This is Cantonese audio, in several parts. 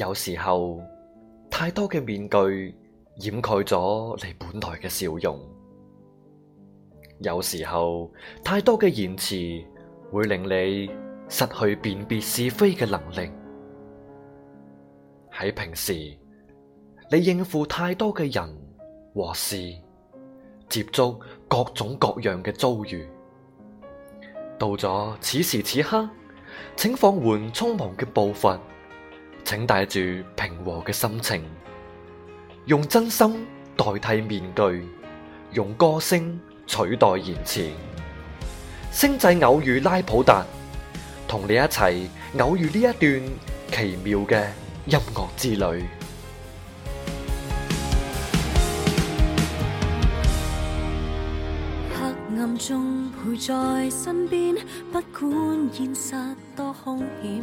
有時候太多嘅面具掩蓋咗你本來嘅笑容，有時候太多嘅言辭會令你失去辨別是非嘅能力。喺平時你應付太多嘅人和事，接觸各種各樣嘅遭遇，到咗此時此刻，請放緩匆忙嘅步伐。請帶住平和嘅心情，用真心代替面具，用歌聲取代言辭。星際偶遇拉普達，同你一齊偶遇呢一段奇妙嘅音樂之旅。黑暗中陪在身邊，不管現實多兇險，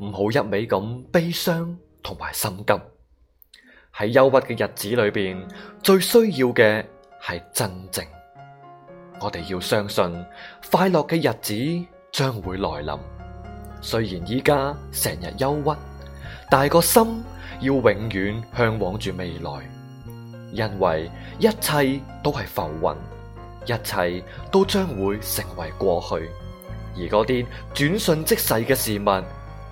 唔好一味咁悲傷同埋心急，喺憂鬱嘅日子裏邊，最需要嘅係鎮靜。我哋要相信快樂嘅日子將會來臨。雖然依家成日憂鬱，但係個心要永遠向往住未來，因為一切都係浮雲，一切都將會成為過去。而嗰啲轉瞬即逝嘅事物，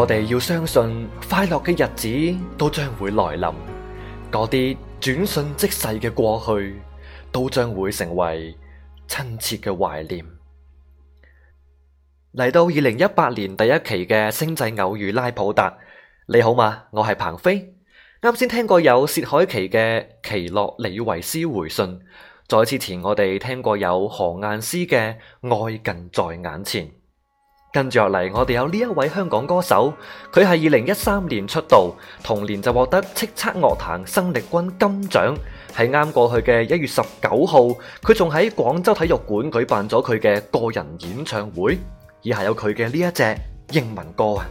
我哋要相信快樂嘅日子都將會來臨，嗰啲轉瞬即逝嘅過去都將會成為親切嘅懷念。嚟到二零一八年第一期嘅《星際偶遇拉普達》，你好嘛？我係彭飛。啱先聽過有薛凱琪嘅《奇洛李維斯回信》，再之前我哋聽過有何雁詩嘅《愛近在眼前》。跟住落嚟，我哋有呢一位香港歌手，佢係二零一三年出道，同年就獲得叱咤樂壇生力軍金獎，係啱過去嘅一月十九號，佢仲喺廣州體育館舉辦咗佢嘅個人演唱會，以下有佢嘅呢一隻英文歌啊。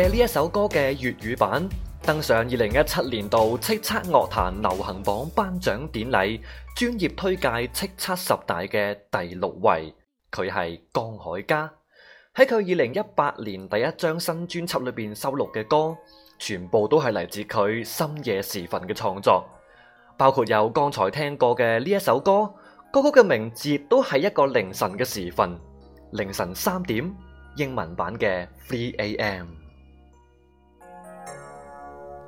借呢一首歌嘅粵語版登上二零一七年度叱咤樂壇流行榜頒獎典禮專業推介叱咤十大嘅第六位，佢係江海迦喺佢二零一八年第一張新專輯裏邊收錄嘅歌，全部都係嚟自佢深夜時分嘅創作，包括有剛才聽過嘅呢一首歌。歌曲嘅名字都係一個凌晨嘅時分，凌晨三點英文版嘅 Three A.M。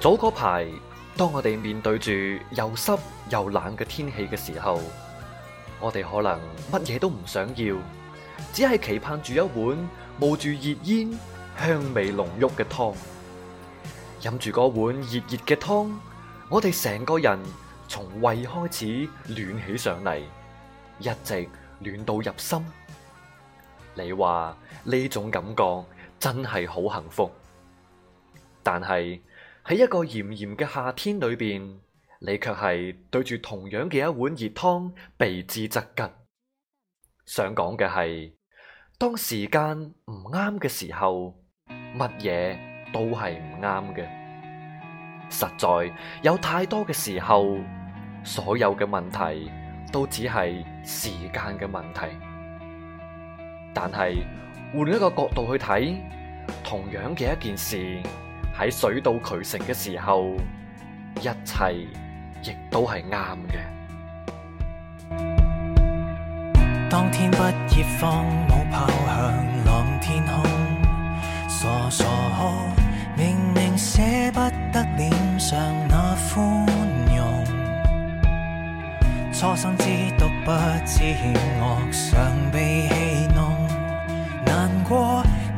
早嗰排，當我哋面對住又濕又冷嘅天氣嘅時候，我哋可能乜嘢都唔想要，只係期盼住一碗冒住熱煙、香味濃郁嘅湯。飲住嗰碗熱熱嘅湯，我哋成個人從胃開始暖起上嚟，一直暖到入心。你話呢種感覺真係好幸福，但係。喺一個炎炎嘅夏天裏邊，你卻係對住同樣嘅一碗熱湯避之則吉。想講嘅係，當時間唔啱嘅時候，乜嘢都係唔啱嘅。實在有太多嘅時候，所有嘅問題都只係時間嘅問題。但係換一個角度去睇，同樣嘅一件事。喺水到渠成嘅時候，一切亦都係啱嘅。當天畢業，放舞拋向藍天空，傻傻明明捨不得臉上那歡容。初生之犢不知險惡，常被戲弄，難過。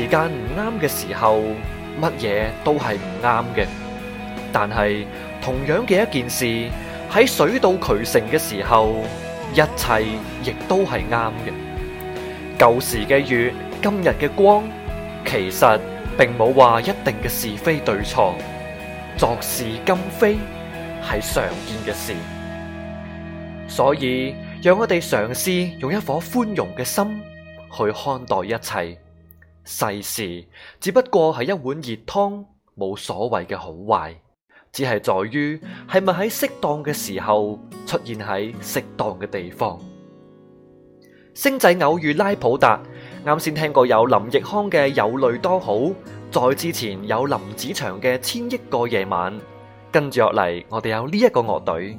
時間唔啱嘅時候，乜嘢都係唔啱嘅。但係同樣嘅一件事，喺水到渠成嘅時候，一切亦都係啱嘅。舊時嘅月，今日嘅光，其實並冇話一定嘅是非對錯。昨是今非係常見嘅事，所以讓我哋嘗試用一顆寬容嘅心去看待一切。世事只不過係一碗熱湯，冇所謂嘅好壞，只係在於係咪喺適當嘅時候出現喺適當嘅地方。星仔偶遇拉普達，啱先聽過有林奕匡嘅有淚多好，再之前有林子祥嘅千億個夜晚，跟住落嚟我哋有呢一個樂隊。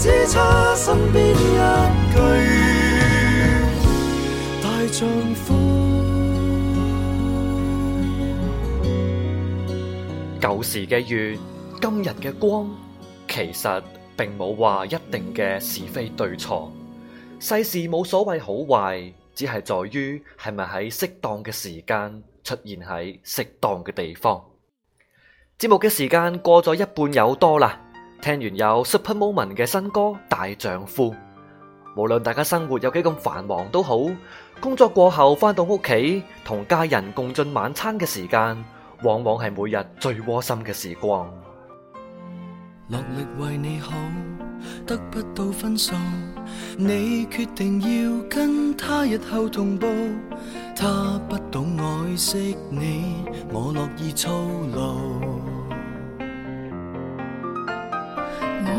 只差身邊一句：「大丈夫」。舊時嘅月，今日嘅光，其實並冇話一定嘅是非對錯。世事冇所謂好壞，只係在於係咪喺適當嘅時間出現喺適當嘅地方。節目嘅時間過咗一半有多啦。聽完有 Super Moment 嘅新歌《大丈夫》，無論大家生活有幾咁繁忙都好，工作過後翻到屋企同家人共進晚餐嘅時間，往往係每日最窩心嘅時光。落力為你好，得不到分數，你決定要跟他日後同步，他不懂愛惜你，我樂意操勞。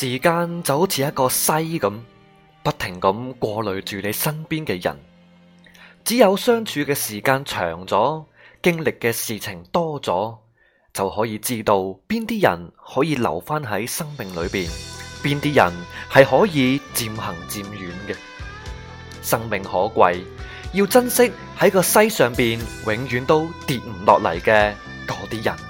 時間就好似一個篩咁，不停咁過濾住你身邊嘅人。只有相處嘅時間長咗，經歷嘅事情多咗，就可以知道邊啲人可以留翻喺生命裏邊，邊啲人係可以漸行漸遠嘅。生命可貴，要珍惜喺個篩上邊永遠都跌唔落嚟嘅嗰啲人。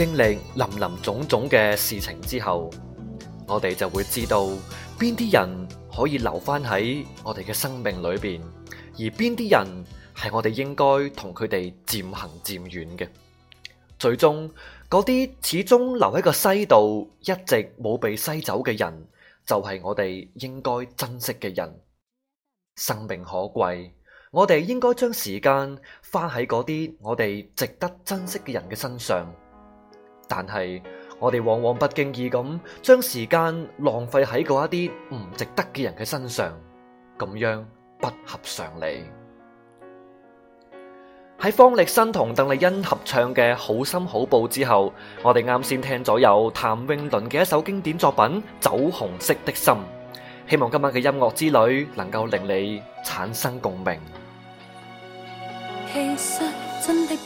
經歷林林總總嘅事情之後，我哋就會知道邊啲人可以留返喺我哋嘅生命裏邊，而邊啲人係我哋應該同佢哋漸行漸遠嘅。最終嗰啲始終留喺個篩度，一直冇被篩走嘅人，就係、是、我哋應該珍惜嘅人。生命可貴，我哋應該將時間花喺嗰啲我哋值得珍惜嘅人嘅身上。但係我哋往往不經意咁將時間浪費喺嗰一啲唔值得嘅人嘅身上，咁樣不合常理。喺方力申同鄧麗欣合唱嘅《好心好報》之後，我哋啱先聽咗由譚詠麟嘅一首經典作品《酒紅色的心》，希望今晚嘅音樂之旅能夠令你產生共鳴。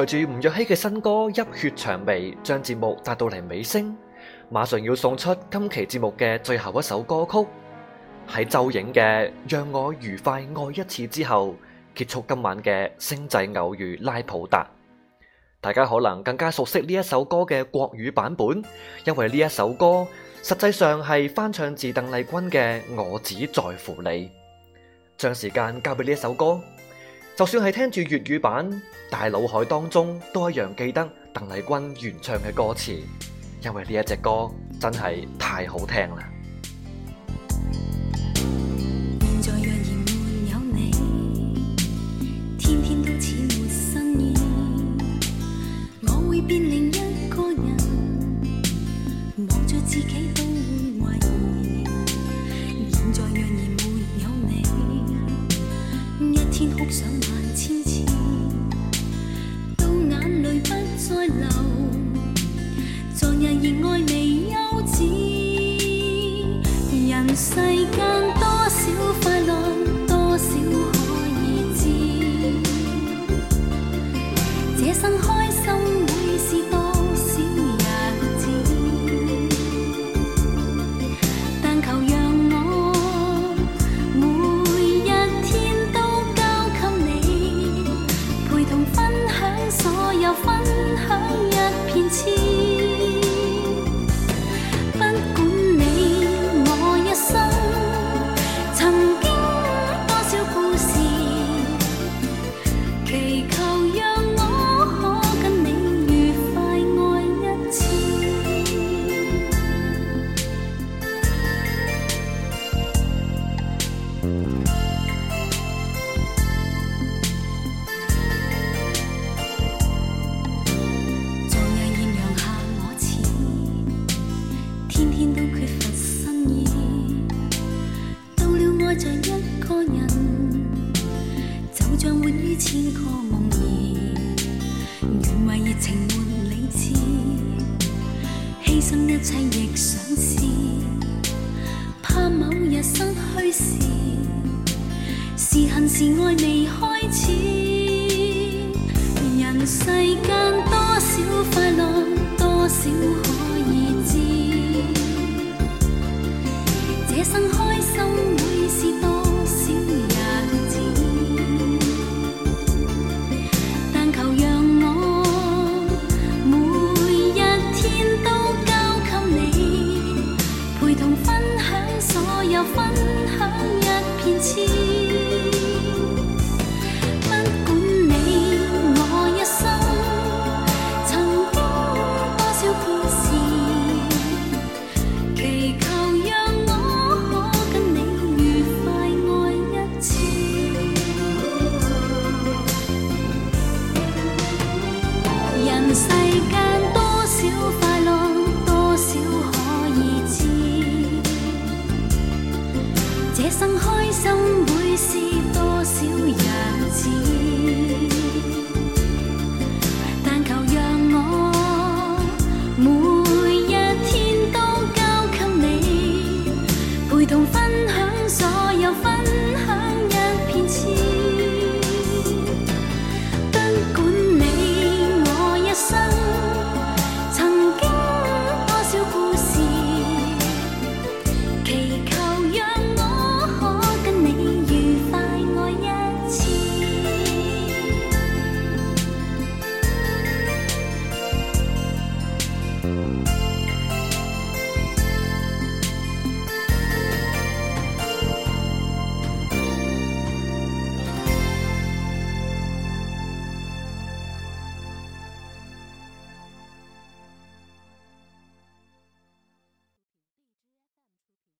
隨住吳若希嘅新歌《泣血薔薇》，將節目帶到嚟尾聲。馬上要送出今期節目嘅最後一首歌曲，喺周影嘅《讓我愉快愛一次》之後，結束今晚嘅《星際偶遇拉普達》。大家可能更加熟悉呢一首歌嘅國語版本，因為呢一首歌實際上係翻唱自鄧麗君嘅《我只在乎你》。將時間交俾呢一首歌。就算係聽住粵語版，但腦海當中都一樣記得鄧麗君原唱嘅歌詞，因為呢一隻歌真係太好聽喇。